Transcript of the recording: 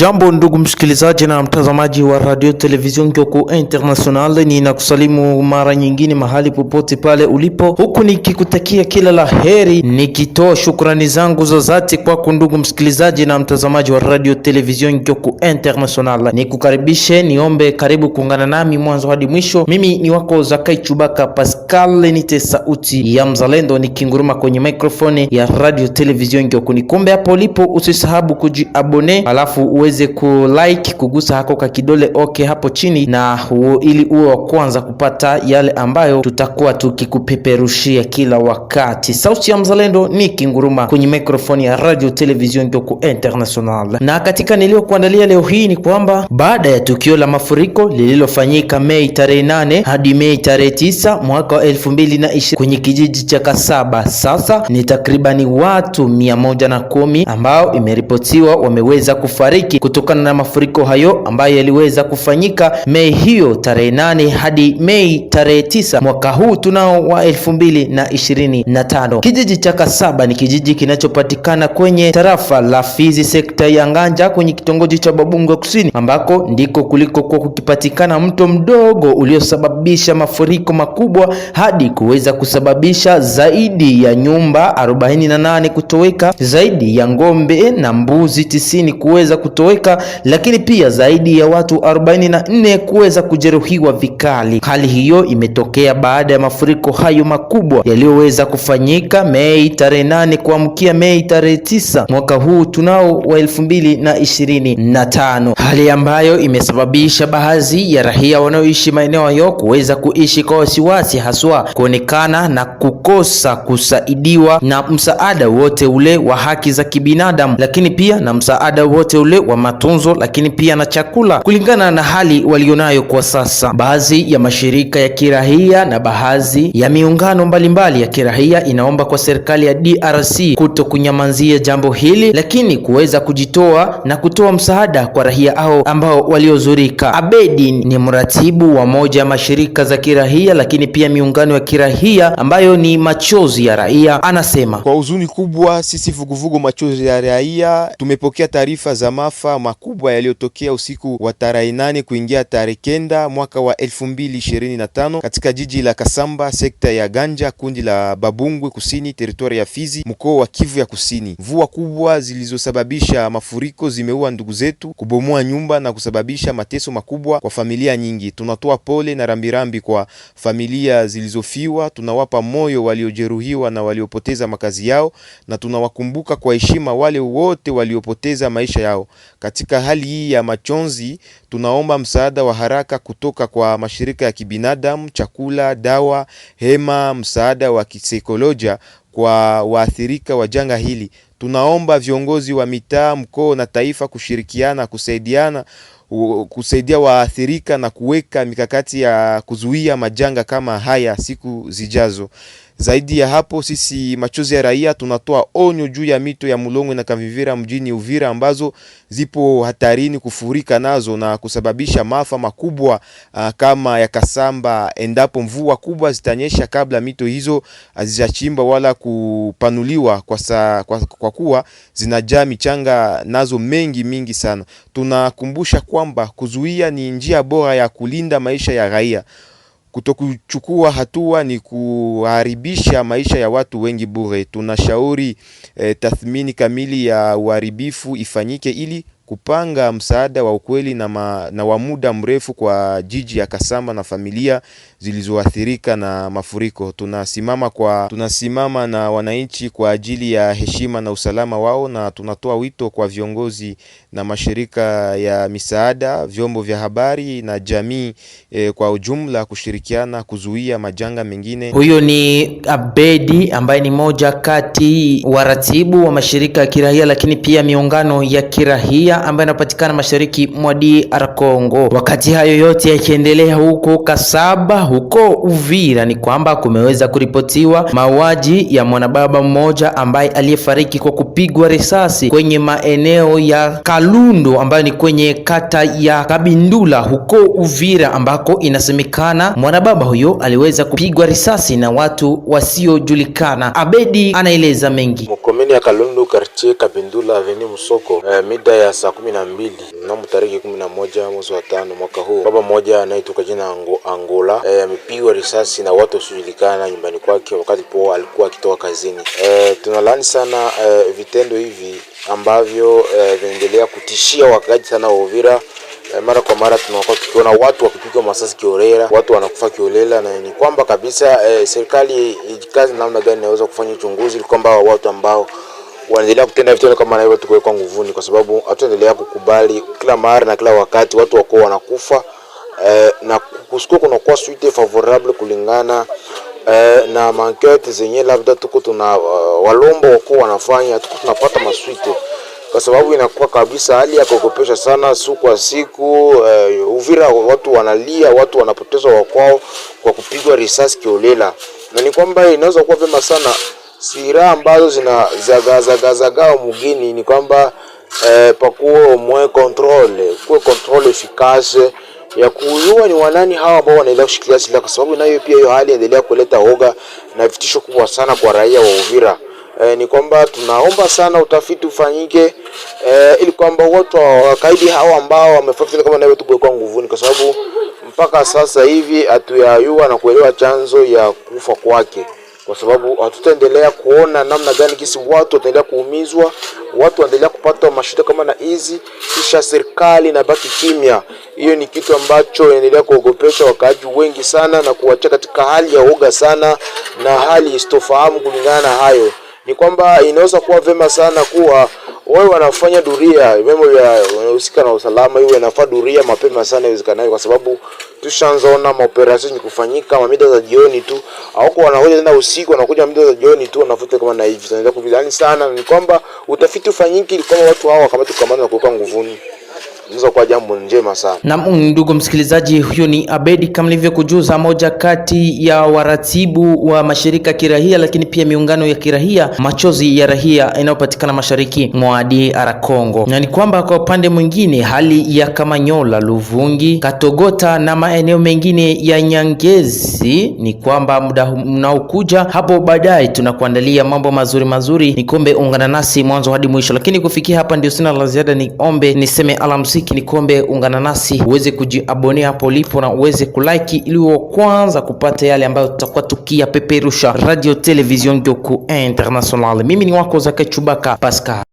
Ujambo ndugu msikilizaji na mtazamaji wa radio television Ngyoku International, ni nakusalimu mara nyingine mahali popote pale ulipo, huku nikikutakia kila la heri, nikitoa shukrani zangu za dhati kwako ndugu msikilizaji na mtazamaji wa radio television Ngyoku International. Nikukaribishe, niombe karibu kuungana nami mwanzo hadi mwisho. Mimi ni wako Zakai Chubaka Pascal, nite sauti ya mzalendo nikinguruma kwenye mikrofone ya radio television Ngyoku. Nikombe hapo ulipo, usisahabu kujiabone alafu uweze like kugusa hako ka kidole okay hapo chini, na huo ili uwe wa kwanza kupata yale ambayo tutakuwa tukikupeperushia kila wakati. Sauti ya Mzalendo ni Kinguruma kwenye mikrofoni ya Radio Television Ngyoku International, na katika niliyokuandalia leo hii ni kwamba baada ya tukio la mafuriko lililofanyika Mei tarehe nane hadi Mei tarehe tisa mwaka wa 2020 kwenye kijiji cha Kasaba, sasa ni takribani watu 1na kumi ambao imeripotiwa wameweza kufariki hiki kutokana na mafuriko hayo ambayo yaliweza kufanyika Mei hiyo tarehe nane hadi Mei tarehe tisa mwaka huu tunao wa elfu mbili na ishirini na tano. Kijiji cha Kasaba ni kijiji kinachopatikana kwenye tarafa la Fizi sekta ya Nganja kwenye kitongoji cha Babungo Kusini ambako ndiko kuliko kwa kukipatikana mto mdogo uliosababisha mafuriko makubwa hadi kuweza kusababisha zaidi ya nyumba 48 kutoweka, zaidi ya ng'ombe na mbuzi tisini kuweza kuto kutoweka, lakini pia zaidi ya watu 44 kuweza kujeruhiwa vikali. Hali hiyo imetokea baada ya mafuriko hayo makubwa yaliyoweza kufanyika Mei tarehe nane kuamkia Mei tarehe tisa mwaka huu tunao wa elfu mbili na ishirini na tano, hali ambayo imesababisha baadhi ya raia wanaoishi maeneo hayo kuweza kuishi kwa wasiwasi, haswa kuonekana na kukosa kusaidiwa na msaada wote ule wa haki za kibinadamu, lakini pia na msaada wote ule wa wa matunzo, lakini pia na chakula kulingana na hali walionayo kwa sasa. Baadhi ya mashirika ya kirahia na baadhi ya miungano mbalimbali ya kirahia inaomba kwa serikali ya DRC kuto kunyamanzia jambo hili, lakini kuweza kujitoa na kutoa msaada kwa rahia hao ambao waliozurika. Abedi ni mratibu wa moja ya mashirika za kirahia lakini pia miungano ya kirahia ambayo ni machozi ya raia, anasema kwa huzuni kubwa, sisi vuguvugu machozi ya raia tumepokea taarifa za mafu maafa makubwa yaliyotokea usiku wa tarehe nane kuingia tarehe kenda mwaka wa elfu mbili ishirini na tano katika jiji la Kasamba, sekta ya Ganja, kundi la Babungwe Kusini, teritoria ya Fizi, mkoa wa Kivu ya Kusini. Mvua kubwa zilizosababisha mafuriko zimeua ndugu zetu, kubomoa nyumba na kusababisha mateso makubwa kwa familia nyingi. Tunatoa pole na rambirambi kwa familia zilizofiwa, tunawapa moyo waliojeruhiwa na waliopoteza makazi yao, na tunawakumbuka kwa heshima wale wote waliopoteza maisha yao. Katika hali hii ya machonzi, tunaomba msaada wa haraka kutoka kwa mashirika ya kibinadamu, chakula, dawa, hema, msaada wa kisaikolojia kwa waathirika wa janga hili. Tunaomba viongozi wa mitaa, mkoa na taifa kushirikiana, kusaidiana, kusaidia waathirika na kuweka mikakati ya kuzuia majanga kama haya siku zijazo. Zaidi ya hapo, sisi machozi ya raia tunatoa onyo juu ya mito ya Mulongwe na kavivira mjini Uvira ambazo zipo hatarini kufurika nazo na kusababisha maafa makubwa uh, kama ya Kasamba endapo mvua kubwa zitanyesha kabla mito hizo hazijachimba wala kupanuliwa kwa, sa, kwa, kwa kuwa zinajaa michanga nazo mengi mingi sana. Tunakumbusha kwamba kuzuia ni njia bora ya kulinda maisha ya raia kutokuchukua hatua ni kuharibisha maisha ya watu wengi bure. Tunashauri eh, tathmini kamili ya uharibifu ifanyike ili kupanga msaada wa ukweli na, ma, na wa muda mrefu kwa jiji ya kasamba na familia zilizoathirika na mafuriko. Tunasimama, kwa, tunasimama na wananchi kwa ajili ya heshima na usalama wao, na tunatoa wito kwa viongozi na mashirika ya misaada, vyombo vya habari na jamii eh, kwa ujumla kushirikiana kuzuia majanga mengine. Huyo ni Abedi ambaye ni moja kati waratibu wa mashirika ya kirahia, lakini pia miungano ya kirahia ambayo inapatikana mashariki mwa DR Congo. Wakati hayo yote yakiendelea huko Kasaba, huko Uvira, ni kwamba kumeweza kuripotiwa mauaji ya mwanababa mmoja ambaye aliyefariki kwa kupigwa risasi kwenye maeneo ya Kalundu ambayo ni kwenye kata ya Kabindula huko Uvira, ambako inasemekana mwanababa huyo aliweza kupigwa risasi na watu wasiojulikana. Abedi anaeleza mengi komini ya kalundu quartier Kabindula avenue Musoko eh, mida ya saa kumi na mbili mnamo tariki kumi na moja mwezi wa tano mwaka huu, baba mmoja anayetoka jina Ango, Angola eh, amepigwa risasi na watu wasiojulikana nyumbani kwake wakati po alikuwa akitoka kazini. Eh, tunalani sana eh, vitendo hivi ambavyo eh, vinaendelea kutishia wakaji sana wa Uvira. Eh, mara kwa mara tunakuwa tukiona watu wakipigwa masasi kiolela, watu wanakufa kiolela, na ni kwamba kabisa eh, serikali ijikazi namna gani inaweza kufanya uchunguzi ili kwamba watu ambao wanaendelea kutenda vitendo kama hivyo tukuwekwa nguvuni, kwa sababu hatuendelea kukubali kila mara na kila wakati watu wako wanakufa eh, na kusiku kunakuwa suite favorable kulingana eh, na mankete zenye labda tuko tuna uh, walombo wako wanafanya tuko tunapata maswite kwa sababu inakuwa kabisa hali ya kuogopesha sana, siku kwa siku. Uh, Uvira watu wanalia, watu wanapotezwa wakwao kwa kupigwa risasi kiolela, na ni kwamba inaweza kuwa vema sana silaha ambazo zina zinazagazagazagaa mgini ni kwamba eh, pakuwe mwe control, kuwe control efikase ya kujua ni wanani hawa ambao wanaendelea kushikilia silaha, kwa sababu nayo pia hiyo hali endelea kuleta hoga na vitisho kubwa sana kwa raia wa Uvira e, ni kwamba tunaomba sana utafiti ufanyike e, ili kwamba watu wakaidi hao ambao wamefanya kama nawe tubwe kwa nguvuni, kwa sababu mpaka sasa hivi hatuyayua na kuelewa chanzo ya kufa kwake, kwa sababu hatutaendelea kuona namna gani kisi watu wataendelea kuumizwa, watu wanaendelea kupata mashida kama na hizi, kisha serikali inabaki kimya. Hiyo ni kitu ambacho inaendelea kuogopesha wakaaji wengi sana na kuwacha katika hali ya woga sana na hali isitofahamu kulingana na hayo ni kwamba inaweza kuwa vema sana kuwa wao wanafanya duria, vyombo vya wanahusika na usalama, iwe inafaa duria mapema sana iwezekanayo, kwa sababu tushanzaona maoperesheni ni kufanyika mamida za jioni tu, au wanakuja tena usiku, wanakuja mamida za jioni tu, wanafuta kama na hivi. Tunaenda kuvidhani sana, ni kwamba utafiti ufanyiki kama watu hao wakamata kukamatwa na kuwekwa nguvuni inaweza kuwa jambo njema sana. Na ndugu msikilizaji, huyu ni Abedi kama nilivyokujuza, moja kati ya waratibu wa mashirika ya kirahia lakini pia miungano ya kirahia Machozi ya Rahia inayopatikana mashariki mwa DR Congo, na ni kwamba kwa upande mwingine hali ya Kamanyola, Luvungi, Katogota na maeneo mengine ya Nyangezi ni kwamba muda unaokuja hapo baadaye tunakuandalia mambo mazuri mazuri. Nikombe ungana nasi mwanzo hadi mwisho, lakini kufikia hapa ndio sina la ziada, niombe niseme alamsi ni Nikombe, ungana nasi uweze kujiabonea hapo ulipo na uweze kulike ili wa kwanza kupata yale ambayo tutakuwa tukiyapeperusha Radio Television Ngyoku International. Mimi ni wako Zake Chubaka Pascal.